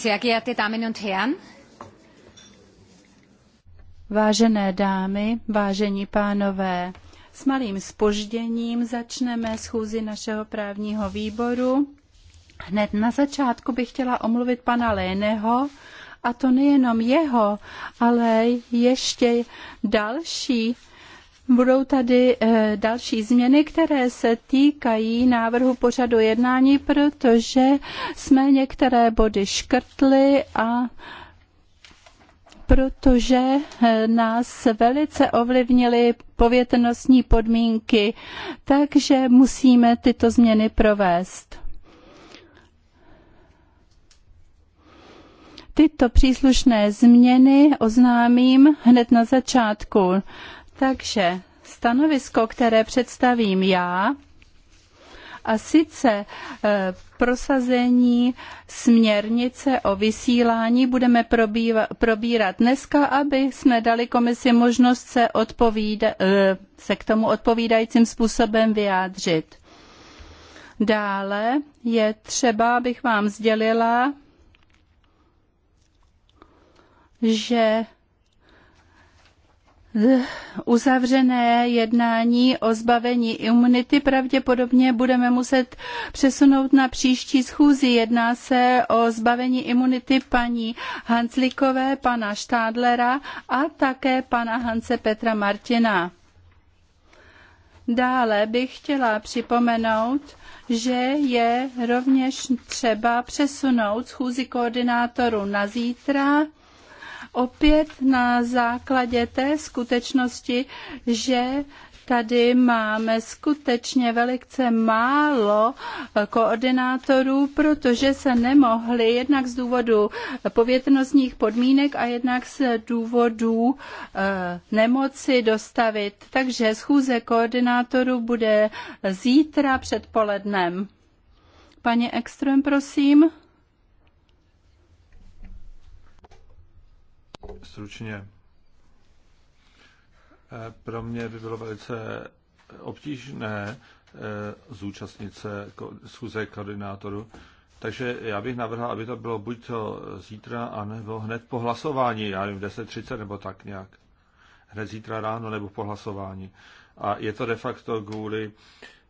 Sehr geehrte Damen und Herren, Vážené dámy, vážení pánové, s malým spožděním začneme schůzi našeho právního výboru. Hned na začátku bych chtěla omluvit pana Léneho, a to nejenom jeho, ale ještě další Budou tady eh, další změny, které se týkají návrhu pořadu jednání, protože jsme některé body škrtli a protože eh, nás velice ovlivnily povětrnostní podmínky, takže musíme tyto změny provést. Tyto příslušné změny oznámím hned na začátku. Takže stanovisko, které představím já, a sice eh, prosazení směrnice o vysílání budeme probíva, probírat dneska, aby jsme dali komisi možnost se, odpovída, eh, se k tomu odpovídajícím způsobem vyjádřit. Dále je třeba, abych vám sdělila, že uzavřené jednání o zbavení imunity pravděpodobně budeme muset přesunout na příští schůzi. Jedná se o zbavení imunity paní Hanslikové, pana Štádlera a také pana Hance Petra Martina. Dále bych chtěla připomenout, že je rovněž třeba přesunout schůzi koordinátorů na zítra opět na základě té skutečnosti, že tady máme skutečně velice málo eh, koordinátorů, protože se nemohli jednak z důvodu povětrnostních podmínek a jednak z důvodu eh, nemoci dostavit. Takže schůze koordinátorů bude zítra předpolednem. Paní Ekström, prosím. Stručně. Eh, pro mě by bylo velice obtížné eh, zúčastnit se schůze koordinátoru, takže já bych navrhl, aby to bylo buď to zítra, anebo hned po hlasování, já nevím, 10.30 nebo tak nějak. Hned zítra ráno nebo po hlasování. A je to de facto kvůli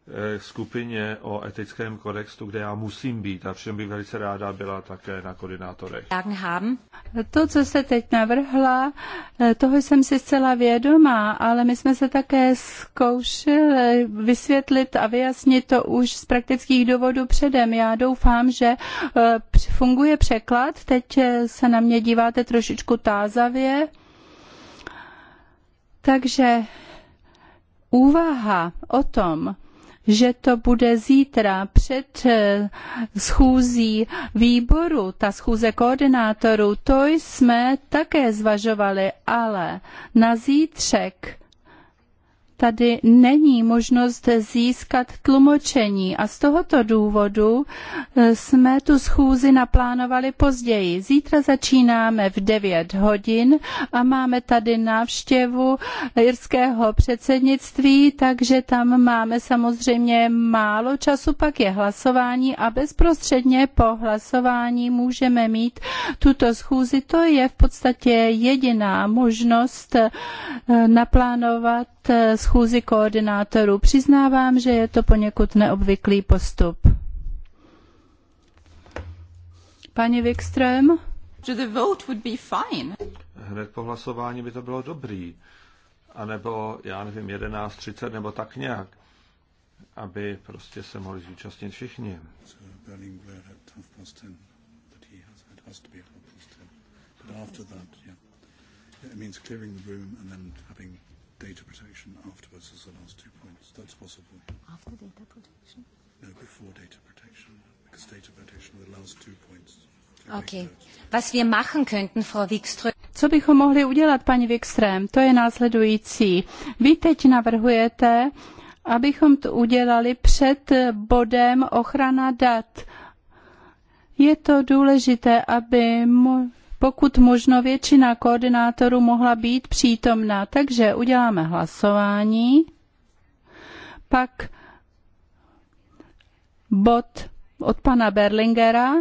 Eh, skupině o etickém kodextu, kde já musím být a všem bych velice ráda byla také na koordinátorech. To, co se teď navrhla, eh, toho jsem si zcela vědomá, ale my jsme se také zkoušeli vysvětlit a vyjasnit to už z praktických důvodů předem. Já doufám, že eh, funguje překlad. Teď se na mě díváte trošičku tázavě. Takže úvaha o tom, že to bude zítra před eh, schůzí výboru, ta schůze koordinátorů, to jsme také zvažovali, ale na zítřek tady není možnost získat tlumočení a z tohoto důvodu eh, jsme tu schůzi naplánovali později. Zítra začínáme v 9 hodin a máme tady návštěvu irského předsednictví, takže tam máme samozřejmě málo času, pak je hlasování a bezprostředně po hlasování můžeme mít tuto schůzi. To je v podstatě jediná možnost eh, naplánovat Eh, schůzi koordinátorů. Přiznávám, že je to poněkud neobvyklý postup. Pani Wikström? The vote would be fine. Hned po hlasování by to bylo dobrý. A nebo, já nevím, 11.30 nebo tak nějak. Aby prostě se mohli zúčastnit všichni. So data protection afterwards as the last two points. That's possible. After data protection? No, before data protection, because data protection were the last two points. Okay. Was wir machen könnten, Frau Wikström. Co bychom mohli udělat, paní Wikström? To je následující. Vy teď navrhujete, abychom to udělali před bodem ochrana dat. Je to důležité, aby mo- pokud možno většina koordinátorů mohla být přítomná. Takže uděláme hlasování, pak bod od pana Berlingera,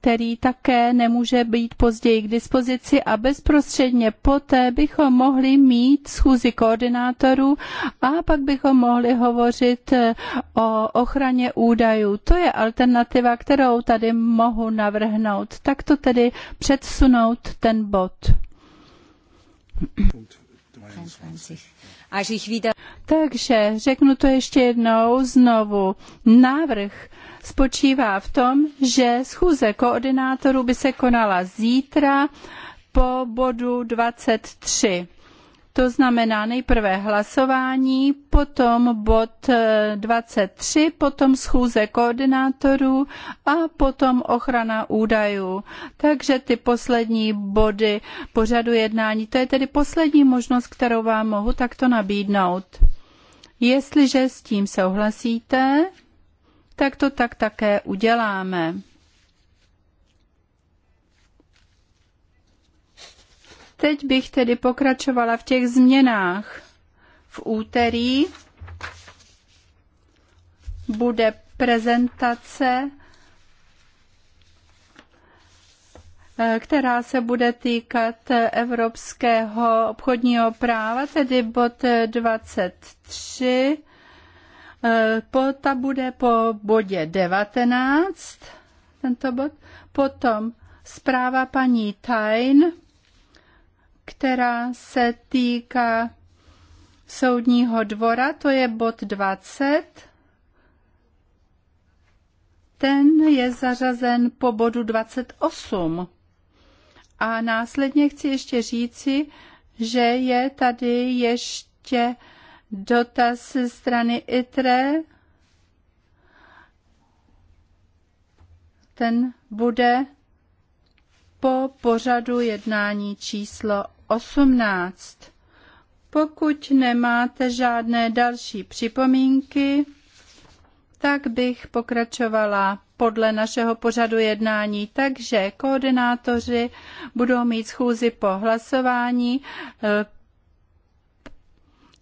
který také nemůže být později k dispozici a bezprostředně poté bychom mohli mít schůzi koordinátorů a pak bychom mohli hovořit eh, o ochraně údajů. To je alternativa, kterou tady mohu navrhnout. Tak to tedy předsunout ten bod. Takže řeknu to ještě jednou znovu. Návrh spočívá v tom, že schůze koordinátorů by se konala zítra po bodu 23. To znamená nejprve hlasování, potom bod 23, e, potom schůze koordinátorů a potom ochrana údajů. Takže ty poslední body pořadu jednání, to je tedy poslední možnost, kterou vám mohu takto nabídnout. Jestliže s tím souhlasíte, tak to tak také uděláme. Teď bych tedy pokračovala v těch změnách. V úterý bude prezentace, eh, která se bude týkat evropského obchodního práva, tedy bod 23 po ta bude po bodě 19, tento bod. Potom zpráva paní tajn, která se týká soudního dvora, to je bod 20. Ten je zařazen po bodu 28. A následně chci ještě říci, že je tady ještě dotaz ze strany ITRE. Ten bude po pořadu jednání číslo 18. Pokud nemáte žádné další připomínky, tak bych pokračovala podle našeho pořadu jednání, takže koordinátoři budou mít schůzi po hlasování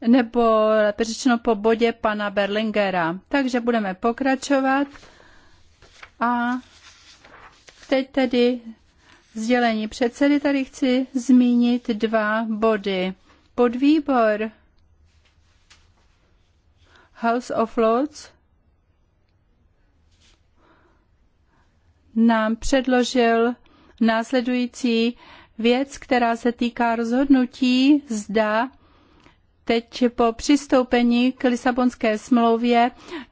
nebo lépe řečeno po bodě pana Berlingera. Takže budeme pokračovat a teď tedy sdělení předsedy. Tady chci zmínit dva body. Podvýbor House of Lords nám předložil následující věc, která se týká rozhodnutí, zda Teď po přistoupení k Lisabonské smlouvě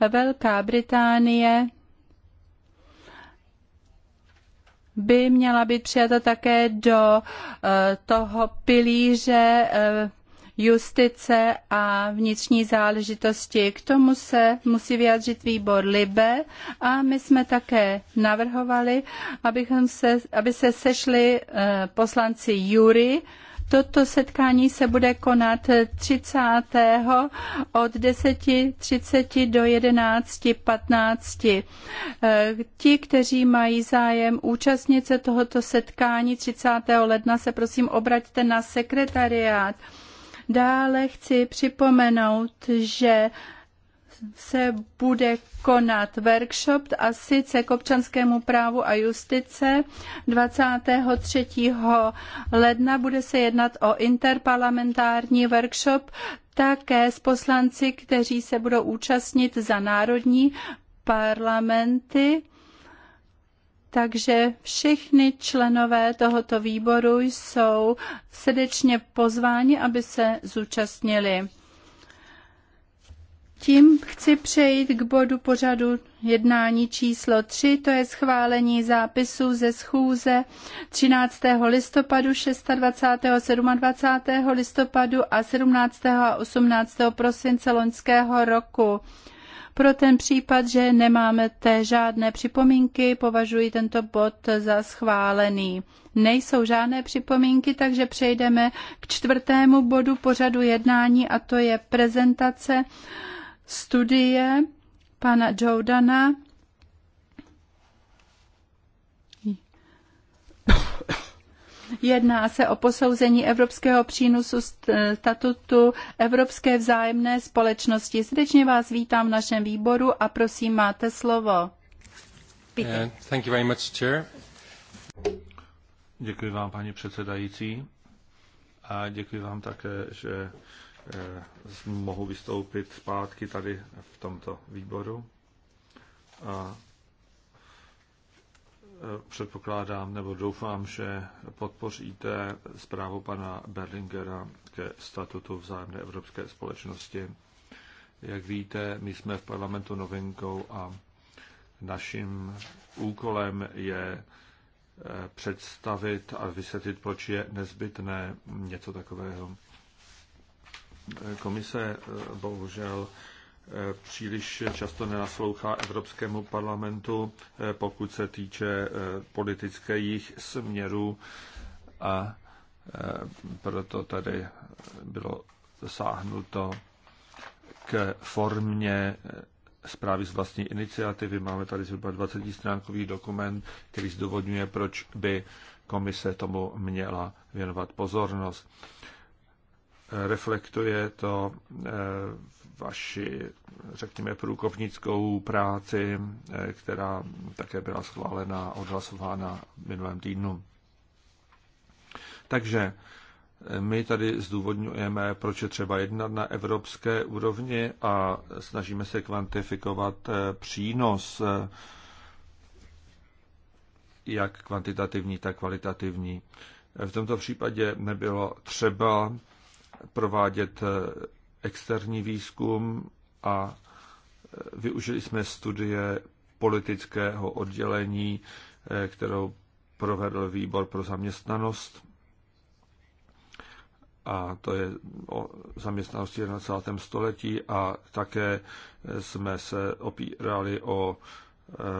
Velká Británie by měla být přijata také do eh, toho pilíře eh, justice a vnitřní záležitosti. K tomu se musí vyjádřit výbor Libe a my jsme také navrhovali, abychom se, aby se sešli eh, poslanci Jury Toto setkání se bude konat 30. od 10.30 do 11.15. Eh, ti, kteří mají zájem účastnit se tohoto setkání 30. ledna, se prosím obraťte na sekretariát. Dále chci připomenout, že se bude konat workshop a sice k občanskému právu a justice 23. ledna bude se jednat o interparlamentární workshop také s poslanci, kteří se budou účastnit za národní parlamenty. Takže všichni členové tohoto výboru jsou srdečně pozváni, aby se zúčastnili. Tím chci přejít k bodu pořadu jednání číslo 3, to je schválení zápisu ze schůze 13. listopadu, 26. 27. listopadu a 17. a 18. prosince loňského roku. Pro ten případ, že nemáme té žádné připomínky, považuji tento bod za schválený. Nejsou žádné připomínky, takže přejdeme k čtvrtému bodu pořadu jednání a to je prezentace studie pana Jordana. Jedná se o posouzení evropského přínosu statutu Evropské vzájemné společnosti. Srdečně vás vítám v našem výboru a prosím, máte slovo. Uh, thank you very much, chair. Děkuji vám, paní předsedající. A děkuji vám také, že Eh, mohu vystoupit zpátky tady v tomto výboru. A eh, předpokládám nebo doufám, že podpoříte zprávu pana Berlingera ke statutu vzájemné evropské společnosti. Jak víte, my jsme v parlamentu novinkou a naším úkolem je eh, představit a vysvětlit, proč je nezbytné něco takového. Komise eh, bohužel eh, příliš často nenaslouchá Evropskému parlamentu, eh, pokud se týče politických směrů a proto tady bylo sáhnuto k formě zprávy z vlastní iniciativy. Máme tady zhruba 20 stránkový dokument, který zdůvodňuje, proč by komise tomu měla věnovat pozornost reflektuje to eh, vaši, řekněme, průkopnickou práci, eh, která také byla schválena a odhlasována v minulém týdnu. Takže eh, my tady zdůvodňujeme, proč je třeba jednat na evropské úrovni a snažíme se kvantifikovat přínos, jak kvantitativní, tak kvalitativní. V tomto případě nebylo třeba provádět eh, externí výzkum a eh, využili jsme studie politického oddělení, eh, kterou provedl výbor pro zaměstnanost. A to je o zaměstnanosti 21. století a také jsme se opírali o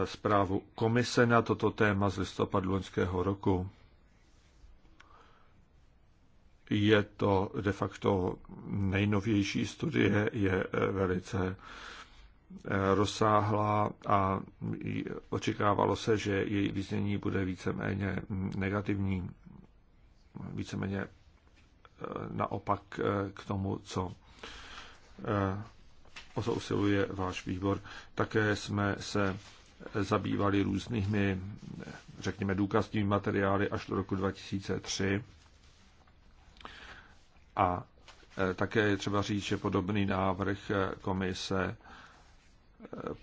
zprávu komise na toto téma z listopadu loňského roku je to de facto nejnovější studie, je eh, velice eh, rozsáhlá a očekávalo se, že její vyznění bude víceméně hm, negativní, víceméně eh, naopak k tomu, co o usiluje váš výbor. Také jsme se zabývali různými, řekněme, důkazními materiály až do roku 2003 a e, také je třeba říct, že podobný návrh e, komise e,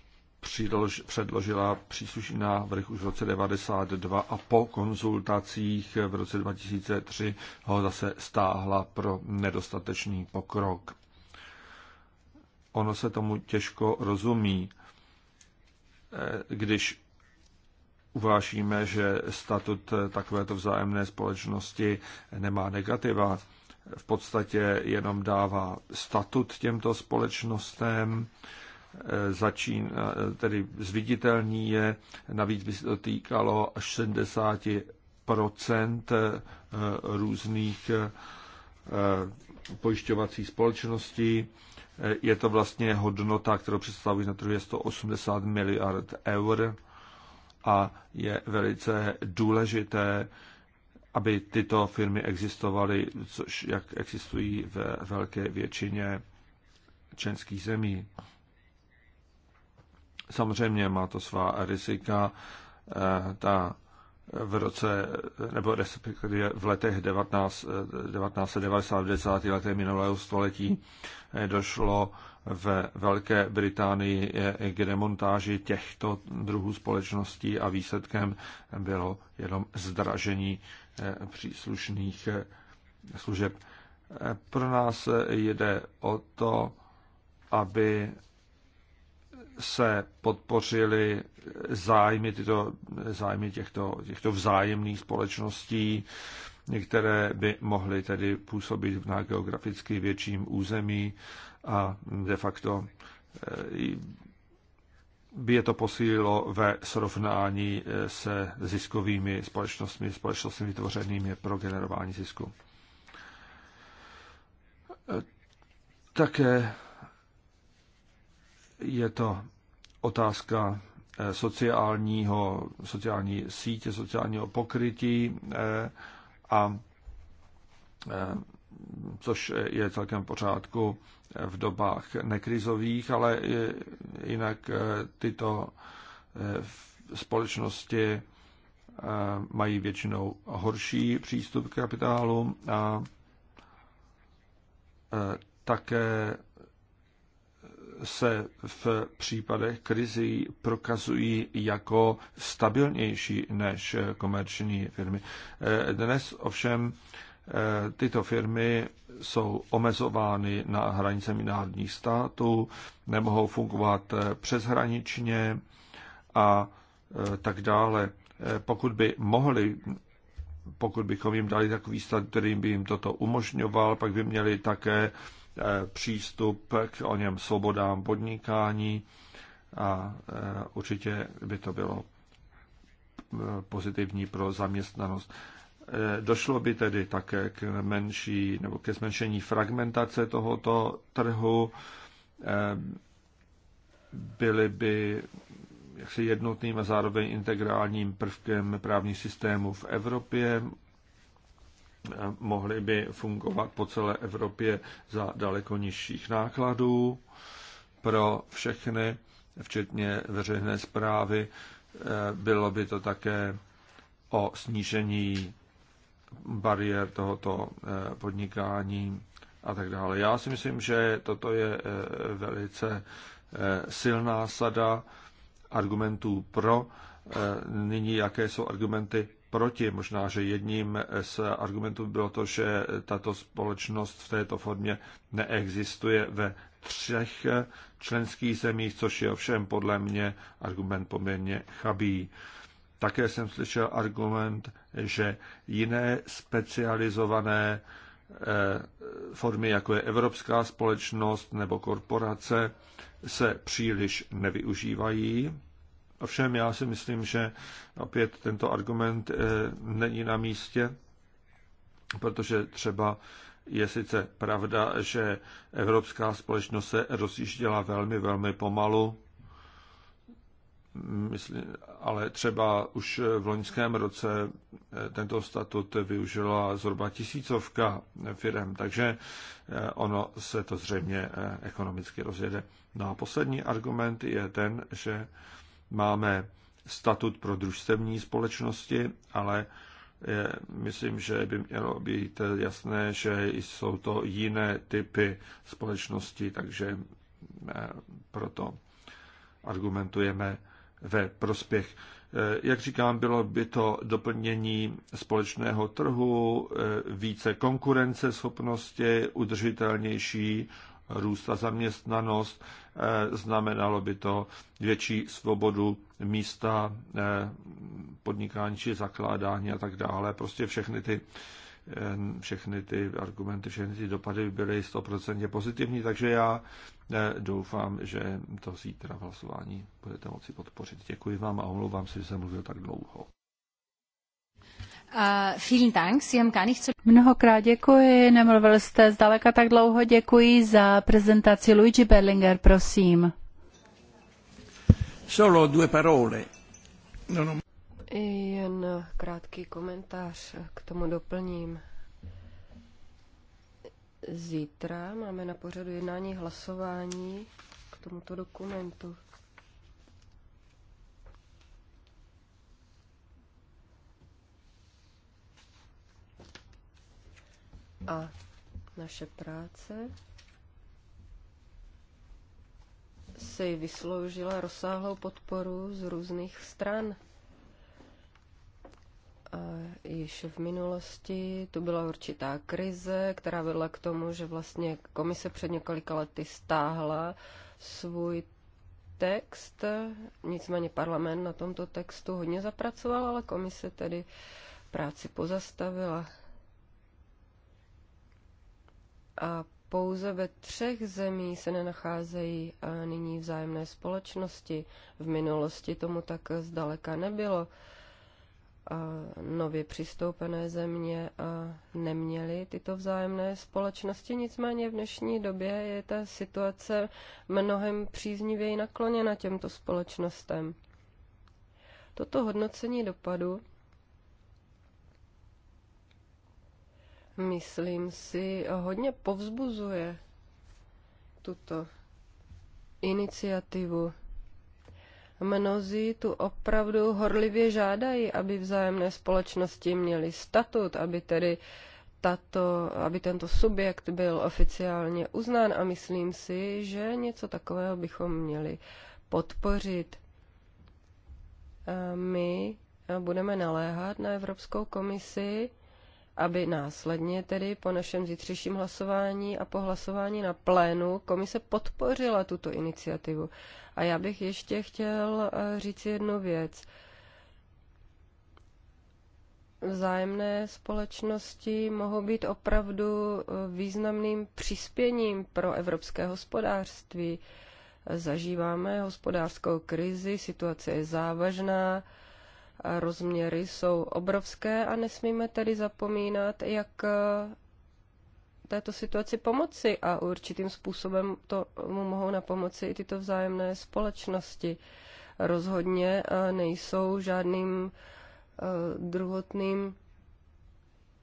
předložila příslušný návrh už v roce 92 a po konzultacích v roce 2003 ho zase stáhla pro nedostatečný pokrok. Ono se tomu těžko rozumí, když uvážíme, že statut takovéto vzájemné společnosti nemá negativa, v podstatě jenom dává statut těmto společnostem, eh, začín, eh, tedy zviditelní je, navíc by se to týkalo až 70 eh, různých pojišťovací společností. Je to vlastně hodnota, kterou představují na trhu je 180 miliard eur a je velice důležité, aby tyto firmy existovaly, což jak existují ve velké většině členských zemí. Samozřejmě má to svá rizika. Eh, ta v roce, nebo respektive v letech 19, 1990, v 10. letech minulého století eh, došlo ve Velké Británii eh, k demontáži těchto druhů společností a výsledkem bylo jenom zdražení Eh, příslušných eh, služeb. Eh, pro nás jde o to, aby se podpořili zájmy, tyto, zájmy těchto, těchto vzájemných společností, které by mohly tedy působit na geograficky větším území a de facto by je to posílilo ve srovnání eh, se ziskovými společnostmi, společnostmi vytvořenými pro generování zisku. Eh, také je to otázka eh, sociálního, sociální sítě, sociálního pokrytí a což je celkem v pořádku v dobách nekrizových, ale jinak eh, tyto eh, společnosti eh, mají většinou horší přístup k kapitálu a také se v případech krizí prokazují jako stabilnější než komerční firmy. Dnes ovšem Eh, tyto firmy jsou omezovány na hranicemi národních států, nemohou fungovat eh, přeshraničně a eh, tak dále. Pokud by mohli, pokud bychom jim dali takový stát, který by jim toto umožňoval, pak by měli také přístup k o něm svobodám podnikání a určitě by to bylo pozitivní pro zaměstnanost. Eh, došlo by tedy také k menší nebo ke zmenšení fragmentace tohoto trhu. Eh, byly by jaksi jednotným a zároveň integrálním prvkem právních systémů v Evropě. Eh, mohly by fungovat po celé Evropě za daleko nižších nákladů pro všechny, včetně veřejné zprávy. Bylo by to také o snížení bariér tohoto eh, podnikání a tak dále. Já si myslím, že toto je eh, velice eh, silná sada argumentů pro. Nyní, jaké jsou argumenty proti. Možná, že jedním z argumentů bylo to, že tato společnost v této formě neexistuje ve třech členských zemích, což je ovšem podle mě argument poměrně chabý. Také jsem slyšel argument, že jiné specializované eh, formy, jako je Evropská společnost nebo korporace, se příliš nevyužívají. Ovšem já si myslím, že opět tento argument eh, není na místě, protože třeba je sice pravda, že evropská společnost se rozjížděla velmi, velmi pomalu, Myslím, ale třeba už v loňském roce eh, tento statut využila zhruba tisícovka firm, takže eh, ono se to zřejmě eh, ekonomicky rozjede. No a poslední argument je ten, že máme statut pro družstevní společnosti, ale myslím, že by mělo být jasné, že jsou to jiné typy společnosti, takže proto argumentujeme ve prospěch. Eh, jak říkám, bylo by to doplnění společného trhu, eh, více konkurenceschopnosti, udržitelnější růst a zaměstnanost, eh, znamenalo by to větší svobodu místa podnikání či zakládání a tak dále. Prostě všechny ty, všechny ty argumenty, všechny ty dopady byly 100% pozitivní, takže já E, doufám, že to zítra v hlasování budete moci podpořit. Děkuji vám a omlouvám se, že jsem mluvil tak dlouho. Mnohokrát děkuji, nemluvil jste zdaleka tak dlouho. Děkuji za prezentaci Luigi Berlinger, prosím. Solo due parole. No, no. Jen krátký komentář k tomu doplním. Zítra máme na pořadu jednání hlasování k tomuto dokumentu. A naše práce si vysloužila rozsáhlou podporu z různých stran když v minulosti tu byla určitá krize, která vedla k tomu, že vlastně komise před několika lety stáhla svůj text, nicméně parlament na tomto textu hodně zapracoval, ale komise tedy práci pozastavila. A pouze ve třech zemí se nenacházejí nyní vzájemné společnosti. V minulosti tomu tak zdaleka nebylo nově přistoupené země neměly tyto vzájemné společnosti. Nicméně v dnešní době je ta situace mnohem příznivěji nakloněna těmto společnostem. Toto hodnocení dopadu, myslím si, hodně povzbuzuje tuto iniciativu Mnozí tu opravdu horlivě žádají, aby vzájemné společnosti měly statut, aby tedy tato, aby tento subjekt byl oficiálně uznán a myslím si, že něco takového bychom měli podpořit. A my budeme naléhat na Evropskou komisi, aby následně tedy po našem zítřejším hlasování a po hlasování na plénu komise podpořila tuto iniciativu. A já bych ještě chtěl eh, říct jednu věc. Vzájemné společnosti mohou být opravdu eh, významným přispěním pro evropské hospodářství. Zažíváme hospodářskou krizi, situace je závažná, rozměry jsou obrovské a nesmíme tedy zapomínat, jak eh, této situaci pomoci a určitým způsobem to mu mohou na pomoci i tyto vzájemné společnosti. Rozhodně eh, nejsou žádným eh, druhotným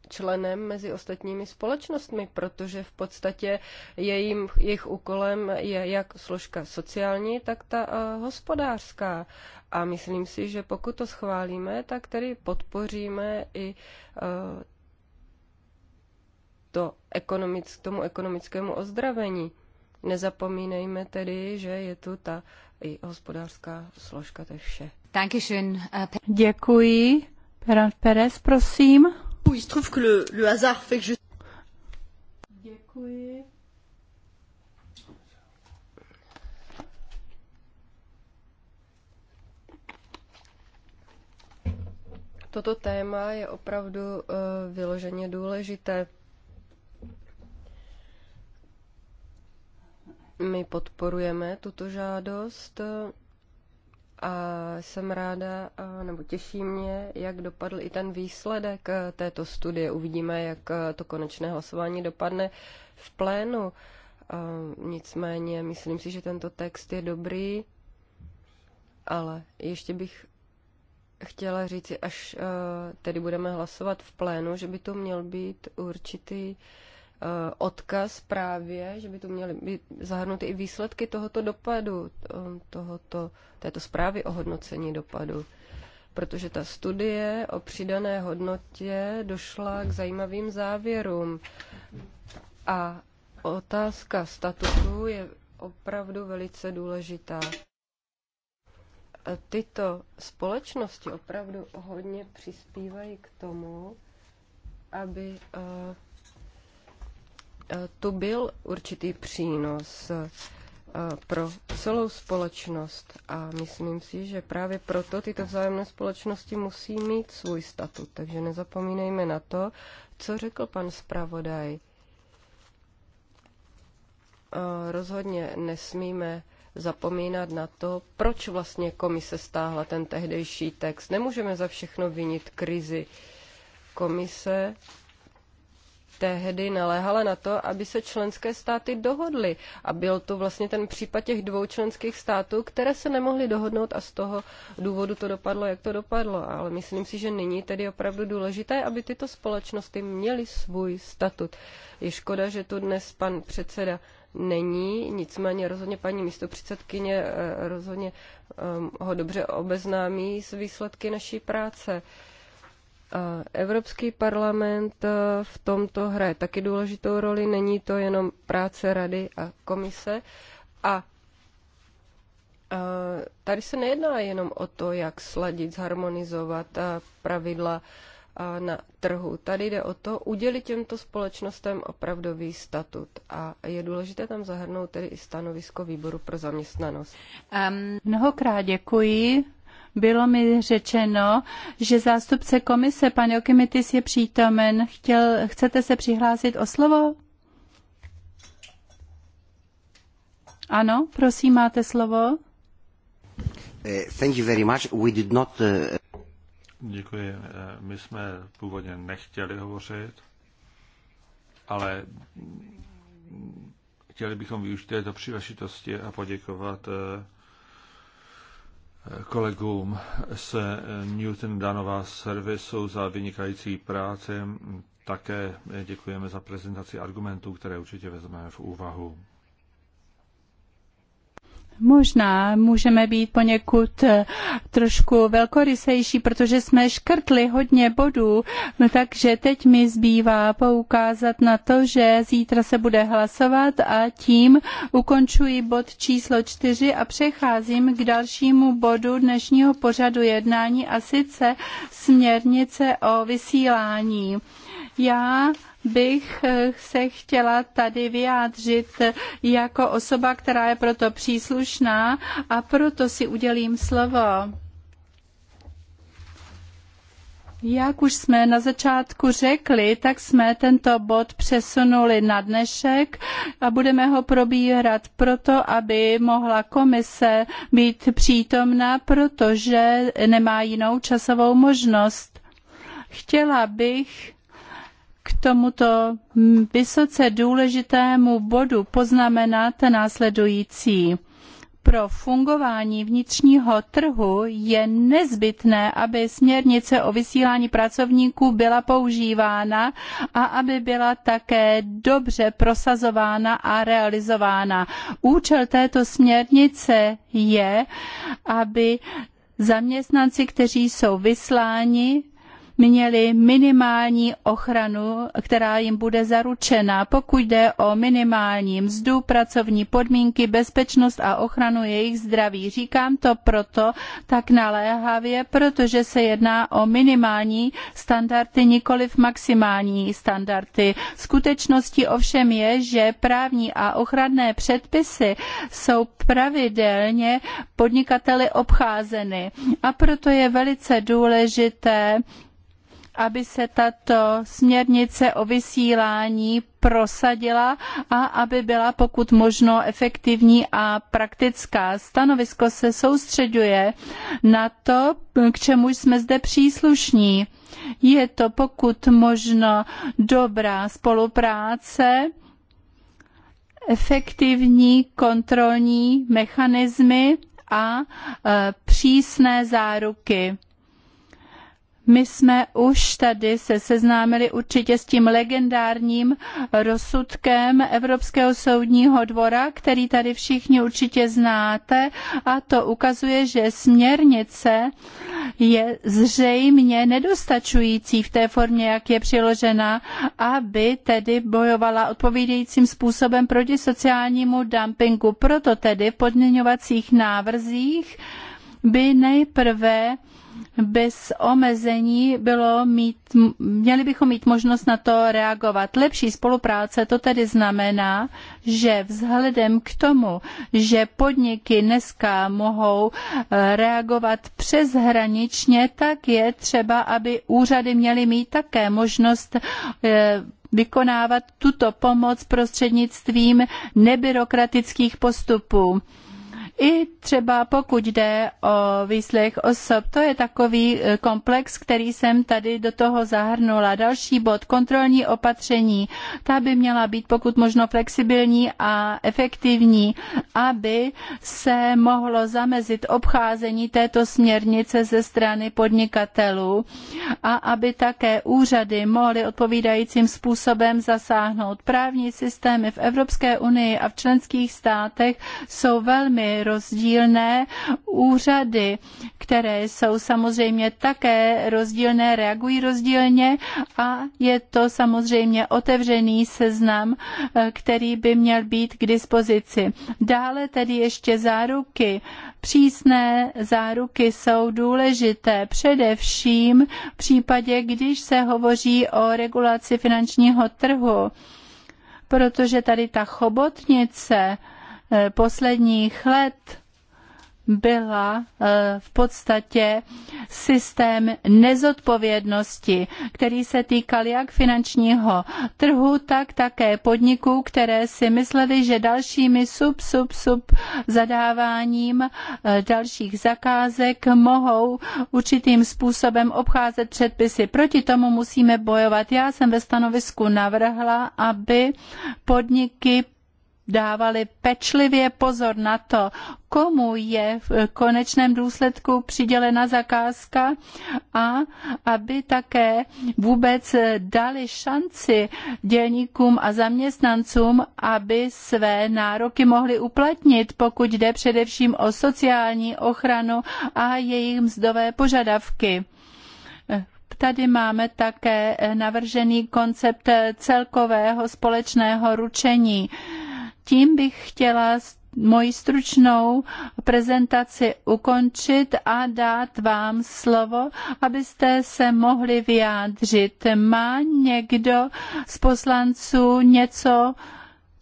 členem mezi ostatními společnostmi, protože v podstatě jejím, jejich úkolem je jak složka sociální, tak ta uh, hospodářská. A myslím si, že pokud to schválíme, tak tedy podpoříme i uh, to ekonomick, tomu ekonomickému ozdravení. Nezapomínejme tedy, že je tu ta i hospodářská složka, to je vše. Eh, Děkuji. Perant Perez, prosím. Il se trouve que le, le hasard fait que je... Děkuji. Toto téma je opravdu uh, vyloženě důležité. My podporujeme tuto žádost eh, a jsem ráda, nebo těší mě, jak dopadl i ten výsledek e, této studie. Uvidíme, jak e, to konečné hlasování dopadne v plénu. E, nicméně, myslím si, že tento text je dobrý, ale ještě bych chtěla říct, až tedy budeme hlasovat v plénu, že by to měl být určitý uh, Eh, odkaz právě, že by tu měly být zahrnuty i výsledky tohoto dopadu, eh, tohoto, této zprávy o hodnocení dopadu. Protože ta studie o přidané hodnotě došla k zajímavým závěrům. A otázka statutu je opravdu velice důležitá. Tyto společnosti opravdu hodně přispívají k tomu, aby eh, Eh, to byl určitý přínos eh, pro celou společnost a myslím si, že právě proto tyto vzájemné společnosti musí mít svůj statut. Takže nezapomínejme na to, co řekl pan zpravodaj. Eh, rozhodně nesmíme zapomínat na to, proč vlastně komise stáhla ten tehdejší text. Nemůžeme za všechno vinit krizi. Komise tehdy naléhala na to, aby se členské státy dohodly. A byl to vlastně ten případ těch dvou členských států, které se nemohly dohodnout a z toho důvodu to dopadlo, jak to dopadlo. Ale myslím si, že nyní tedy opravdu důležité, aby tyto společnosti měly svůj statut. Je škoda, že tu dnes pan předseda není, nicméně rozhodně paní místopředsedkyně eh, rozhodně ehm, ho dobře obeznámí s výsledky naší práce. Evropský parlament e, v tomto hraje taky důležitou roli, není to jenom práce rady a komise. A e, tady se nejedná jenom o to, jak sladit, zharmonizovat e, pravidla na trhu. Tady jde o to udělit těmto společnostem opravdový statut a je důležité tam zahrnout tedy i stanovisko výboru pro zaměstnanost. Um, mnohokrát děkuji bylo mi řečeno, že zástupce komise, pan Jokimitis, je přítomen. Chtěl, chcete se přihlásit o slovo? Ano, prosím, máte slovo. Eh, thank you very much. We did not... Eh, Děkuji. Eh, my jsme původně nechtěli hovořit, ale chtěli bychom využít této příležitosti a poděkovat kolegům z Newton Danova servisu za vynikající práci. Také děkujeme za prezentaci argumentů, které určitě vezmeme v úvahu. Možná můžeme být poněkud eh, trošku velkorysejší, protože jsme škrtli hodně bodů, no takže teď mi zbývá poukázat na to, že zítra se bude hlasovat a tím ukončuji bod číslo čtyři a přecházím k dalšímu bodu dnešního pořadu jednání a sice směrnice o vysílání. Já bych eh, se chtěla tady vyjádřit jako osoba, která je proto příslušná a proto si udělím slovo. Jak už jsme na začátku řekli, tak jsme tento bod přesunuli na dnešek a budeme ho probírat proto, aby mohla komise být přítomna, protože nemá jinou časovou možnost. Chtěla bych k tomuto vysoce důležitému bodu poznamenat následující. Pro fungování vnitřního trhu je nezbytné, aby směrnice o vysílání pracovníků byla používána a aby byla také dobře prosazována a realizována. Účel této směrnice je, aby zaměstnanci, kteří jsou vysláni, měli minimální ochranu, která jim bude zaručena, pokud jde o minimální mzdu, pracovní podmínky, bezpečnost a ochranu jejich zdraví. Říkám to proto tak naléhavě, protože se jedná o minimální standardy, nikoliv maximální standardy. Skutečností ovšem je, že právní a ochranné předpisy jsou pravidelně podnikateli obcházeny a proto je velice důležité, aby se tato směrnice o vysílání prosadila a aby byla pokud možno efektivní a praktická. Stanovisko se soustředuje na to, k čemu jsme zde příslušní. Je to pokud možno dobrá spolupráce, efektivní kontrolní mechanismy a e, přísné záruky. My jsme už tady se seznámili určitě s tím legendárním rozsudkem Evropského soudního dvora, který tady všichni určitě znáte a to ukazuje, že směrnice je zřejmě nedostačující v té formě, jak je přiložena, aby tedy bojovala odpovídajícím způsobem proti sociálnímu dumpingu. Proto tedy v podměňovacích návrzích by nejprve bez omezení bylo mít, měli bychom mít možnost na to reagovat. Lepší spolupráce to tedy znamená, že vzhledem k tomu, že podniky dneska mohou eh, reagovat přeshraničně, tak je třeba, aby úřady měly mít také možnost eh, vykonávat tuto pomoc prostřednictvím nebyrokratických postupů i třeba pokud jde o výslech osob, to je takový e, komplex, který jsem tady do toho zahrnula. Další bod, kontrolní opatření. Ta by měla být pokud možno flexibilní a efektivní, aby se mohlo zamezit obcházení této směrnice ze strany podnikatelů a aby také úřady mohly odpovídajícím způsobem zasáhnout. Právní systémy v Evropské unii a v členských státech jsou velmi rozdílné úřady, které jsou samozřejmě také rozdílné, reagují rozdílně a je to samozřejmě otevřený seznam, eh, který by měl být k dispozici. Dále tedy ještě záruky. Přísné záruky jsou důležité, především v případě, když se hovoří o regulaci finančního trhu, protože tady ta chobotnice, Eh, posledních let byla eh, v podstatě systém nezodpovědnosti, který se týkal jak finančního trhu, tak také podniků, které si mysleli, že dalšími sub, sub, sub zadáváním eh, dalších zakázek mohou určitým způsobem obcházet předpisy. Proti tomu musíme bojovat. Já jsem ve stanovisku navrhla, aby podniky dávali pečlivě pozor na to, komu je v konečném důsledku přidělena zakázka a aby také vůbec dali šanci dělníkům a zaměstnancům, aby své nároky mohli uplatnit, pokud jde především o sociální ochranu a jejich mzdové požadavky tady máme také navržený koncept celkového společného ručení tím bych chtěla moji stručnou prezentaci ukončit a dát vám slovo, abyste se mohli vyjádřit. Má někdo z poslanců něco,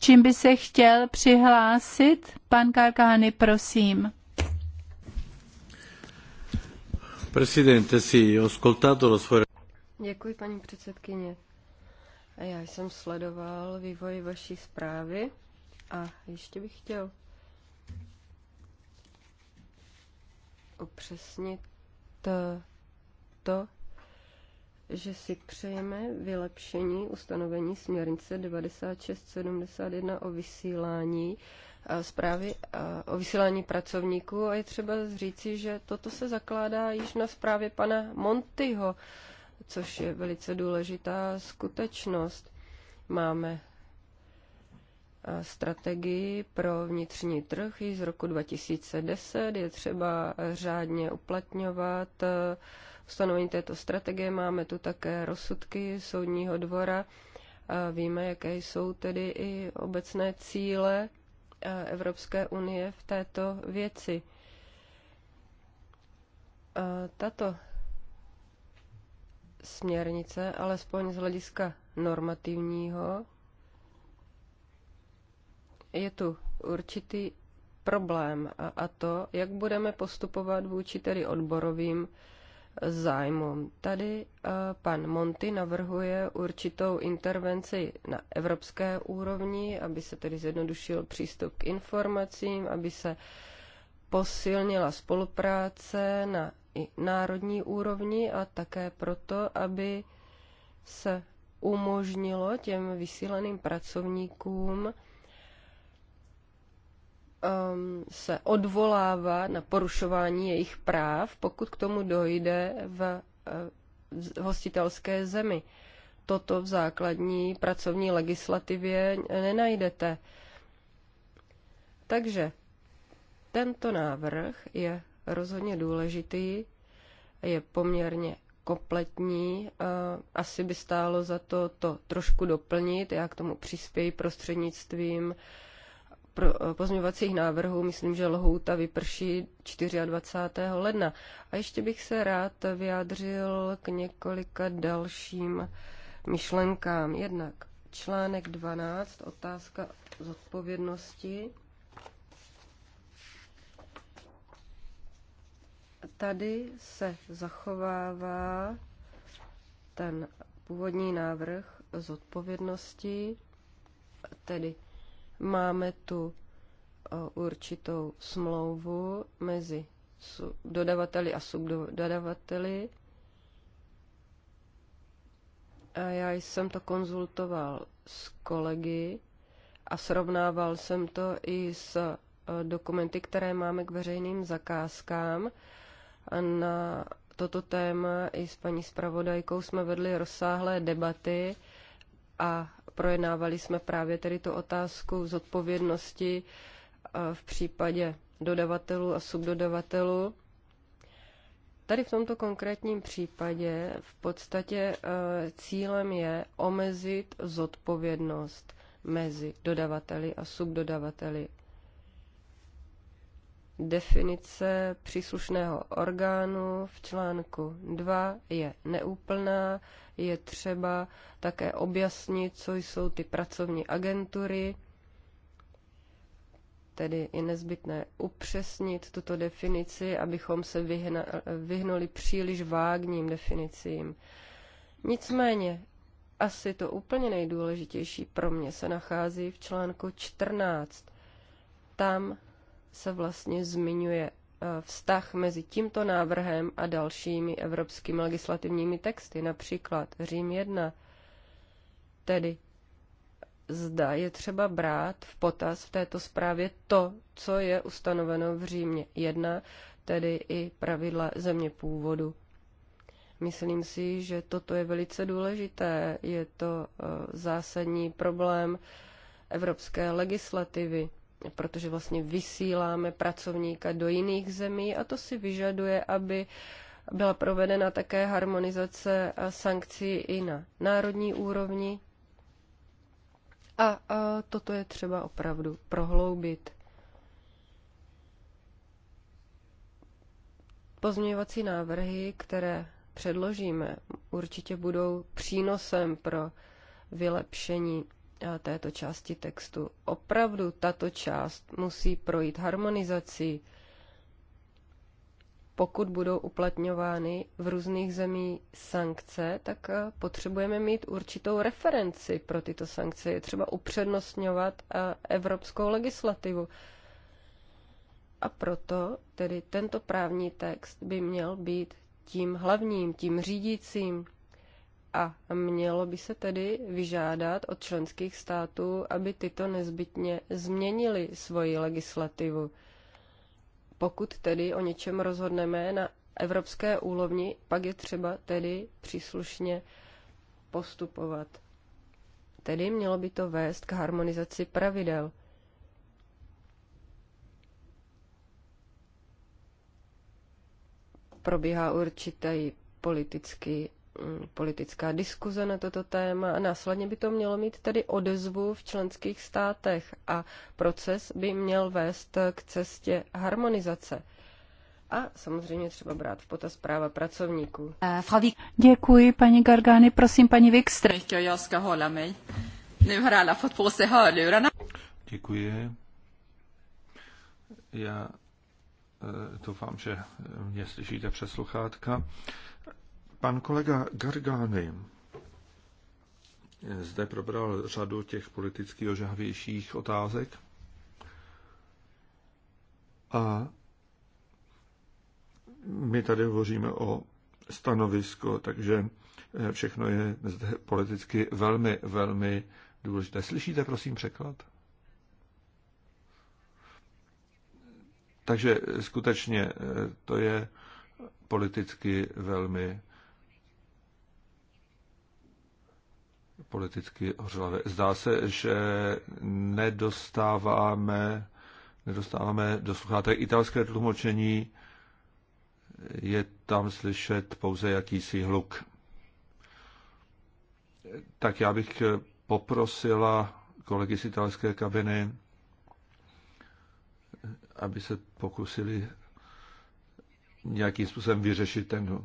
čím by se chtěl přihlásit? Pan Karkány, prosím. Presidente, sì, ho ascoltato Děkuji, paní předsedkyně. já jsem sledoval vývoj vaší zprávy a ještě bych chtěl upřesnit eh, to, že si přejeme vylepšení ustanovení směrnice 9671 o vysílání eh, zprávy eh, o vysílání pracovníků a je třeba říci, že toto se zakládá již na zprávě pana Montyho, což je velice důležitá skutečnost. Máme Eh, strategii pro vnitřní trh i z roku 2010. Je třeba řádně uplatňovat eh, ustanovení této strategie. Máme tu také rozsudky soudního dvora. Eh, víme, jaké jsou tedy i obecné cíle Evropské unie v této věci. Tato směrnice, alespoň z hlediska normativního, je tu určitý problém a, a to, jak budeme postupovat vůči tedy odborovým zájmům. Tady e, pan Monty navrhuje určitou intervenci na evropské úrovni, aby se tedy zjednodušil přístup k informacím, aby se posilnila spolupráce na i národní úrovni a také proto, aby se umožnilo těm vysíleným pracovníkům um, se odvolává na porušování jejich práv, pokud k tomu dojde v, eh, v hostitelské zemi. Toto v základní pracovní legislativě nenajdete. Takže tento návrh je rozhodně důležitý, je poměrně kompletní. Eh, asi by stálo za to to trošku doplnit. Já k tomu přispěji prostřednictvím uh, Eh, pozměňovacích návrhů. Myslím, že lhouta vyprší 24. ledna. A ještě bych se rád vyjádřil k několika dalším myšlenkám. Jednak článek 12, otázka zodpovědnosti. Tady se zachovává ten původní návrh zodpovědnosti, tedy Máme tu určitou smlouvu mezi dodavateli a subdodavateli. A já jsem to konzultoval s kolegy a srovnával jsem to i s dokumenty, které máme k veřejným zakázkám. A na toto téma i s paní zpravodajkou jsme vedli rozsáhlé debaty a projednávali jsme právě tedy tu otázku zodpovědnosti e, v případě dodavatelů a subdodavatelů. Tady v tomto konkrétním případě v podstatě e, cílem je omezit zodpovědnost mezi dodavateli a subdodavateli definice příslušného orgánu v článku 2 je neúplná. Je třeba také objasnit, co jsou ty pracovní agentury, tedy je nezbytné upřesnit tuto definici, abychom se vyhna, vyhnuli příliš vágním definicím. Nicméně, asi to úplně nejdůležitější pro mě se nachází v článku 14. Tam se vlastně zmiňuje eh, vztah mezi tímto návrhem a dalšími evropskými legislativními texty, například Řím 1. Tedy zda je třeba brát v potaz v této zprávě to, co je ustanoveno v Římě 1, tedy i pravidla země původu. Myslím si, že toto je velice důležité. Je to eh, zásadní problém evropské legislativy protože vlastně vysíláme pracovníka do jiných zemí a to si vyžaduje, aby byla provedena také harmonizace sankcí i na národní úrovni. A, a toto je třeba opravdu prohloubit. Pozměňovací návrhy, které předložíme, určitě budou přínosem pro vylepšení této části textu. Opravdu tato část musí projít harmonizací, pokud budou uplatňovány v různých zemí sankce, tak eh, potřebujeme mít určitou referenci pro tyto sankce. Je třeba upřednostňovat eh, evropskou legislativu. A proto tedy tento právní text by měl být tím hlavním, tím řídícím a mělo by se tedy vyžádat od členských států, aby tyto nezbytně změnili svoji legislativu. Pokud tedy o něčem rozhodneme na evropské úrovni, pak je třeba tedy příslušně postupovat. Tedy mělo by to vést k harmonizaci pravidel. Probíhá určitý politický Eh, politická diskuze na toto téma a následně by to mělo mít tedy odezvu v členských státech a proces by měl vést k cestě harmonizace. A samozřejmě třeba brát v potaz práva pracovníků. Eh, Děkuji, paní Gargány. Prosím, paní Wikström. Děkuji. Já eh, doufám, že mě slyšíte přes sluchátka. Pan kolega Gargány zde probral řadu těch politicky ožahvějších otázek a my tady hovoříme o stanovisko, takže eh, všechno je zde politicky velmi, velmi důležité. Slyšíte, prosím, překlad? Takže eh, skutečně eh, to je politicky velmi politicky hořlavé. Zdá se, že nedostáváme, nedostáváme do sluchátek italské tlumočení. Je tam slyšet pouze jakýsi hluk. Tak já bych poprosila kolegy z italské kabiny, aby se pokusili nějakým způsobem vyřešit ten...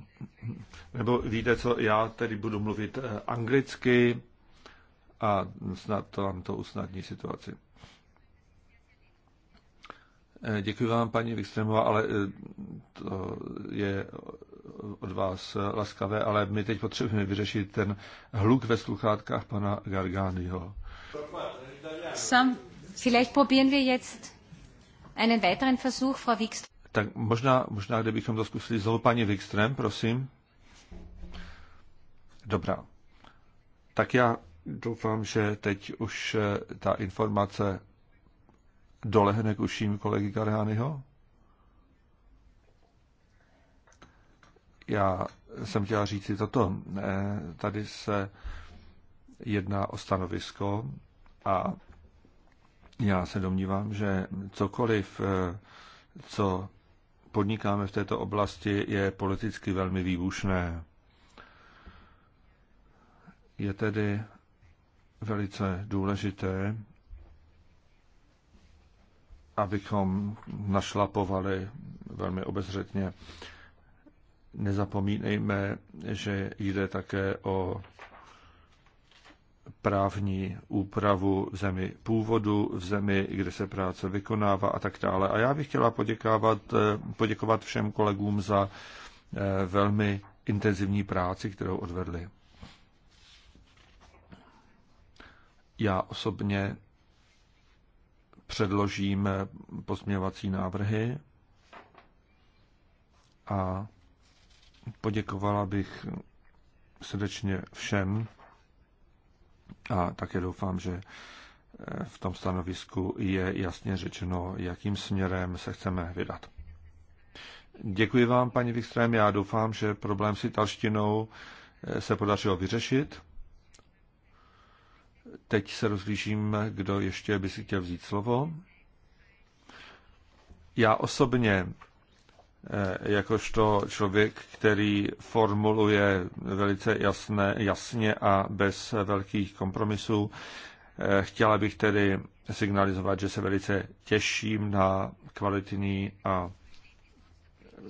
Nebo víte co, já tedy budu mluvit eh, anglicky, a snad to vám to usnadní situaci. Eh, děkuji vám, paní Vikstremová, ale eh, to je od vás laskavé, ale my teď potřebujeme vyřešit ten hluk ve sluchátkách pana Garganiho. Sam, vielleicht probieren wir jetzt einen weiteren Versuch, Frau Wikström. Tak možná, možná, kdybychom to zkusili znovu, paní Wikström, prosím. Dobrá. Tak já Doufám, že teď už eh, ta informace dolehne k uším kolegy Karhányho. Já jsem chtěla říct si toto. Eh, tady se jedná o stanovisko a já se domnívám, že cokoliv, eh, co podnikáme v této oblasti, je politicky velmi výbušné. Je tedy velice důležité, abychom našlapovali velmi obezřetně. Nezapomínejme, že jde také o právní úpravu v zemi původu, v zemi, kde se práce vykonává a tak dále. A já bych chtěla poděkávat, poděkovat všem kolegům za eh, velmi intenzivní práci, kterou odvedli. Já osobně předložím pozměňovací návrhy a poděkovala bych srdečně všem a také doufám, že eh, v tom stanovisku je jasně řečeno, jakým směrem se chceme vydat. Děkuji vám, paní Vikström. Já doufám, že problém s italštinou eh, se podařilo vyřešit teď se rozlížíme, kdo ještě by si chtěl vzít slovo. Já osobně, eh, jakožto člověk, který formuluje velice jasné, jasně a bez velkých kompromisů, eh, chtěla bych tedy signalizovat, že se velice těším na kvalitní a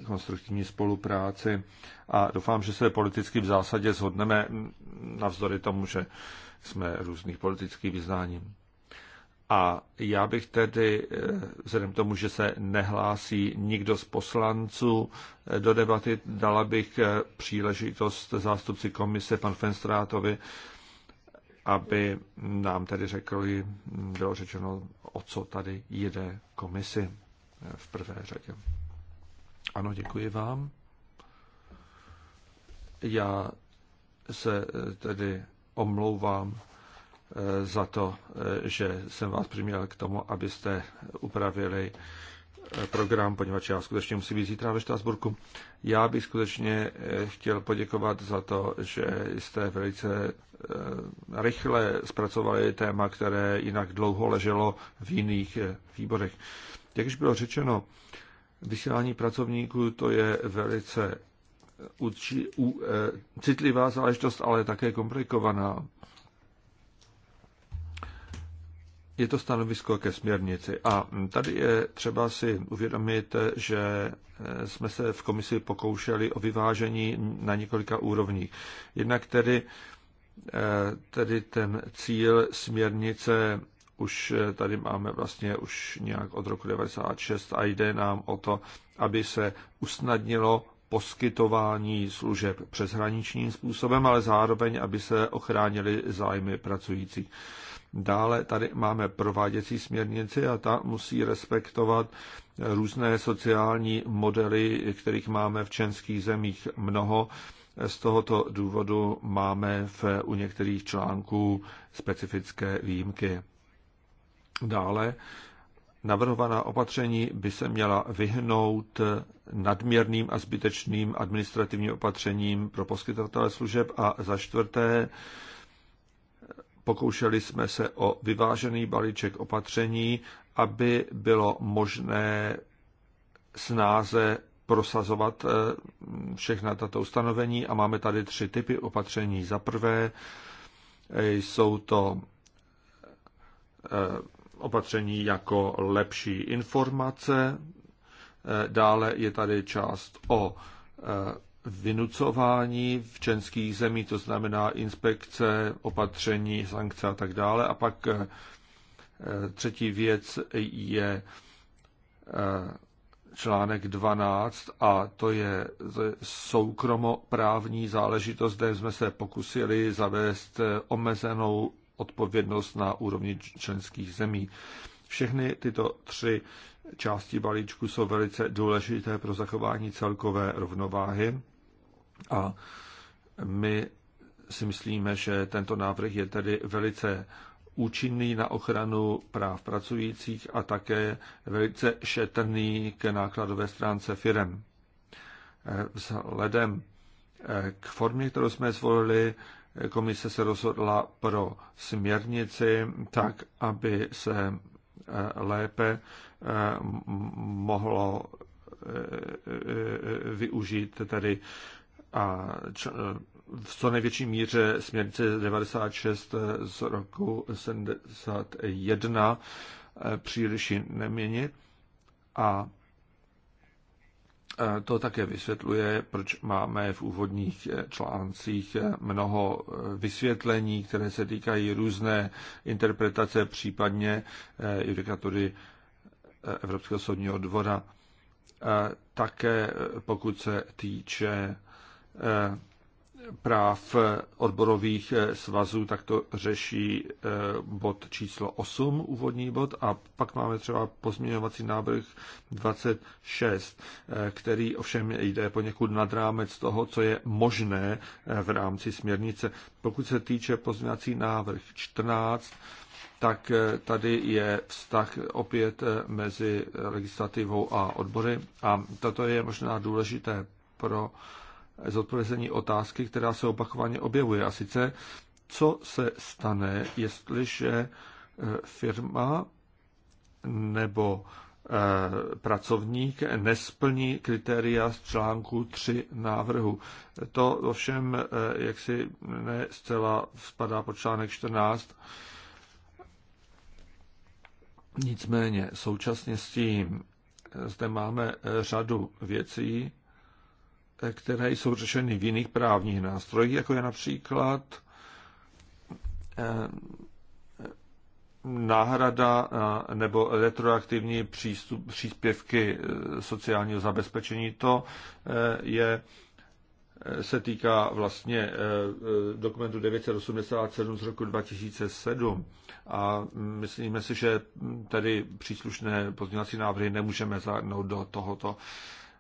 konstruktivní spolupráci a doufám, že se politicky v zásadě shodneme navzdory tomu, že jsme různých politických vyznáním. A já bych tedy, eh, vzhledem k tomu, že se nehlásí nikdo z poslanců eh, do debaty, dala bych eh, příležitost zástupci komise, pan Fenstrátovi, aby nám tedy řekli, hm, bylo řečeno, o co tady jde komisi v prvé řadě. Ano, děkuji vám. Já se tedy omlouvám eh, za to, eh, že jsem vás přiměl k tomu, abyste upravili eh, program, poněvadž já skutečně musím být zítra ve Štrasburku. Já bych skutečně chtěl poděkovat za to, že jste velice rychle zpracovali téma, které jinak dlouho leželo v jiných výborech. Jak už bylo řečeno, vysílání pracovníků to je velice uči, u, e, citlivá záležitost, ale také komplikovaná. Je to stanovisko ke směrnici. A tady je třeba si uvědomit, že e, jsme se v komisi pokoušeli o vyvážení na několika úrovních. Jednak tedy, e, tedy ten cíl směrnice už e, tady máme vlastně už nějak od roku 96 a jde nám o to, aby se usnadnilo poskytování služeb přeshraničním způsobem, ale zároveň, aby se ochránili zájmy pracujících. Dále tady máme prováděcí směrnici a ta musí respektovat různé sociální modely, kterých máme v českých zemích mnoho. Z tohoto důvodu máme v, u některých článků specifické výjimky. Dále navrhovaná opatření by se měla vyhnout nadměrným a zbytečným administrativním opatřením pro poskytovatele služeb a za čtvrté pokoušeli jsme se o vyvážený balíček opatření, aby bylo možné snáze prosazovat eh, všechna tato ustanovení a máme tady tři typy opatření. Za prvé eh, jsou to eh, opatření jako lepší informace. Eh, dále je tady část o eh, vynucování v čenských zemí, to znamená inspekce, opatření, sankce a tak dále. A pak eh, třetí věc je článek 12 a to je soukromoprávní záležitost, kde jsme se pokusili zavést omezenou odpovědnost na úrovni členských zemí. Všechny tyto tři části balíčku jsou velice důležité pro zachování celkové rovnováhy a my si myslíme, že tento návrh je tedy velice účinný na ochranu práv pracujících a také velice šetrný k nákladové stránce firem. Eh, vzhledem eh, k formě, kterou jsme zvolili, komise se rozhodla pro směrnici tak, aby se eh, lépe eh, mohlo eh, využít tedy a v co největší míře směrnice 96 z roku 71 příliš neměnit a Eh, to také vysvětluje, proč máme v úvodních eh, článcích eh, mnoho vysvětlení, které se týkají různé interpretace, případně judikatury Evropského soudního dvora. Také pokud se týče práv odborových svazů, tak to řeší eh, bod číslo 8, úvodní bod, a pak máme třeba pozměňovací návrh 26, eh, který ovšem jde poněkud nad rámec toho, co je možné eh, v rámci směrnice. Pokud se týče pozměňovací návrh 14, tak tady je vztah opět mezi legislativou a odbory a toto je možná důležité pro zodpovězení otázky, která se opakovaně objevuje. A sice, co se stane, jestliže eh, firma nebo eh, pracovník nesplní kritéria z článku 3 návrhu. To ovšem eh, jaksi ne zcela spadá pod článek 14. Nicméně současně s tím zde máme řadu věcí, Eh, které jsou řešeny v jiných právních nástrojích, jako je například eh, náhrada eh, nebo retroaktivní přístup, příspěvky sociálního zabezpečení. To je se týká vlastně dokumentu 987 z roku 2007 a myslíme si, že tady příslušné pozměňovací návrhy nemůžeme zahrnout do tohoto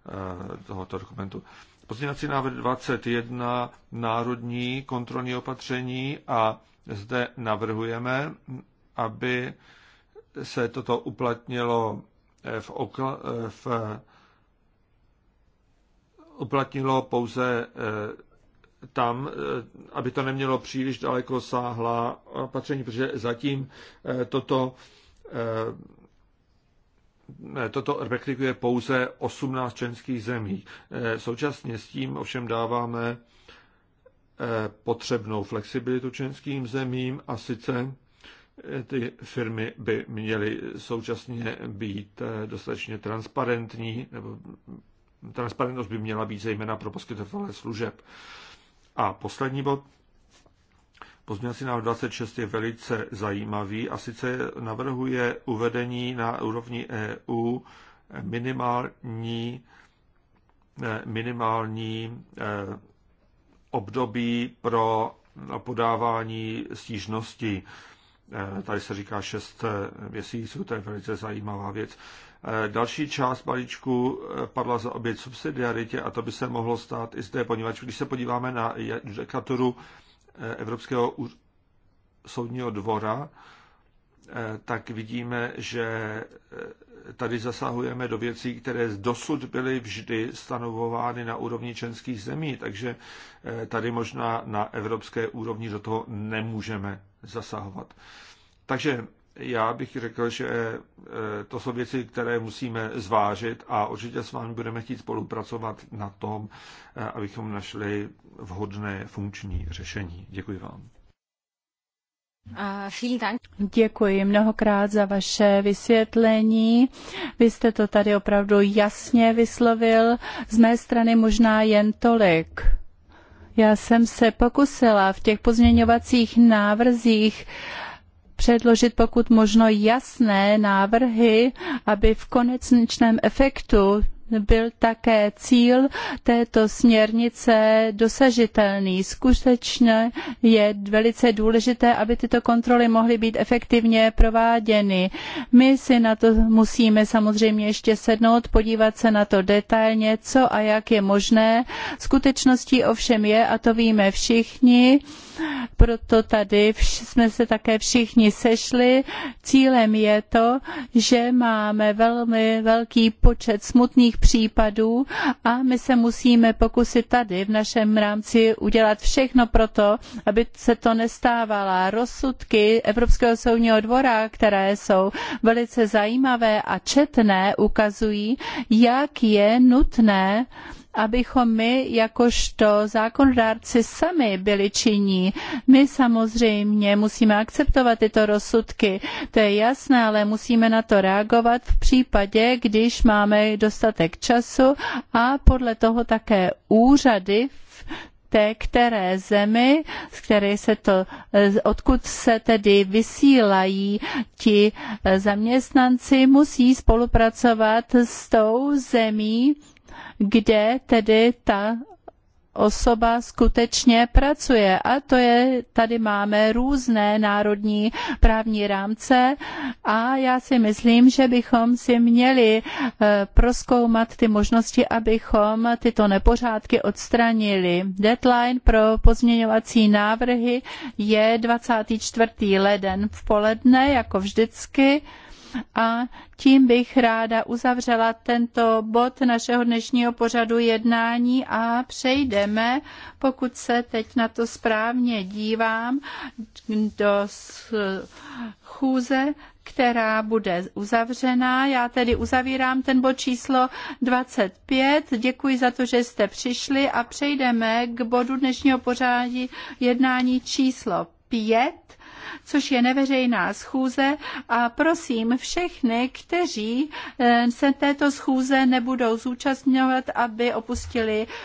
Eh, tohoto dokumentu. Pozměňovací návrh 21, národní kontrolní opatření a zde navrhujeme, aby se toto uplatnilo eh, v, okla, eh, v uplatnilo pouze tam, aby to nemělo příliš daleko sáhla opatření, protože zatím toto toto reflektuje pouze 18 členských zemí. E, současně s tím ovšem dáváme e, potřebnou flexibilitu členským zemím a sice e, ty firmy by měly současně být dostatečně transparentní, nebo transparentnost by měla být zejména pro poskytovatele služeb. A poslední bod, Pozměňovací návrh 26 je velice zajímavý a sice navrhuje uvedení na úrovni EU minimální, eh, minimální eh, období pro podávání stížnosti. Eh, tady se říká 6 měsíců, to je velice zajímavá věc. Další část balíčku padla za obět subsidiaritě a to by se mohlo stát i zde, poněvadž když se podíváme na judikaturu Evropského soudního dvora, eh, tak vidíme, že eh, tady zasahujeme do věcí, které dosud byly vždy stanovovány na úrovni členských zemí, takže eh, tady možná na evropské úrovni do toho nemůžeme zasahovat. Takže já bych řekl, že eh, to jsou věci, které musíme zvážit a určitě s vámi budeme chtít spolupracovat na tom, eh, abychom našli vhodné funkční řešení. Děkuji vám. Děkuji mnohokrát za vaše vysvětlení. Vy jste to tady opravdu jasně vyslovil. Z mé strany možná jen tolik. Já jsem se pokusila v těch pozměňovacích návrzích uh, předložit pokud možno jasné návrhy, aby v konečném efektu byl také cíl této směrnice dosažitelný. Skutečně je velice důležité, aby tyto kontroly mohly být efektivně prováděny. My si na to musíme samozřejmě ještě sednout, podívat se na to detailně, co a jak je možné. Skutečností ovšem je, a to víme všichni, proto tady jsme se také všichni sešli. Cílem je to, že máme velmi velký počet smutných případů a my se musíme pokusit tady v našem rámci udělat všechno pro to, aby se to nestávala. Rozsudky Evropského soudního dvora, které jsou velice zajímavé a četné, ukazují, jak je nutné abychom my jakožto zákonodárci sami byli činní. My samozřejmě musíme akceptovat tyto rozsudky, to je jasné, ale musíme na to reagovat v případě, když máme dostatek času a podle toho také úřady v té které zemi, z které se to, odkud se tedy vysílají ti e, zaměstnanci, musí spolupracovat s tou zemí, kde tedy ta osoba skutečně pracuje. A to je, tady máme různé národní právní rámce a já si myslím, že bychom si měli eh, proskoumat ty možnosti, abychom tyto nepořádky odstranili. Deadline pro pozměňovací návrhy je 24. leden v poledne, jako vždycky. A tím bych ráda uzavřela tento bod našeho dnešního pořadu jednání a přejdeme, pokud se teď na to správně dívám, do chůze, která bude uzavřená. Já tedy uzavírám ten bod číslo 25. Děkuji za to, že jste přišli a přejdeme k bodu dnešního pořádí jednání číslo 5 což je neveřejná schůze a prosím všechny, kteří eh, se této schůze nebudou zúčastňovat, aby opustili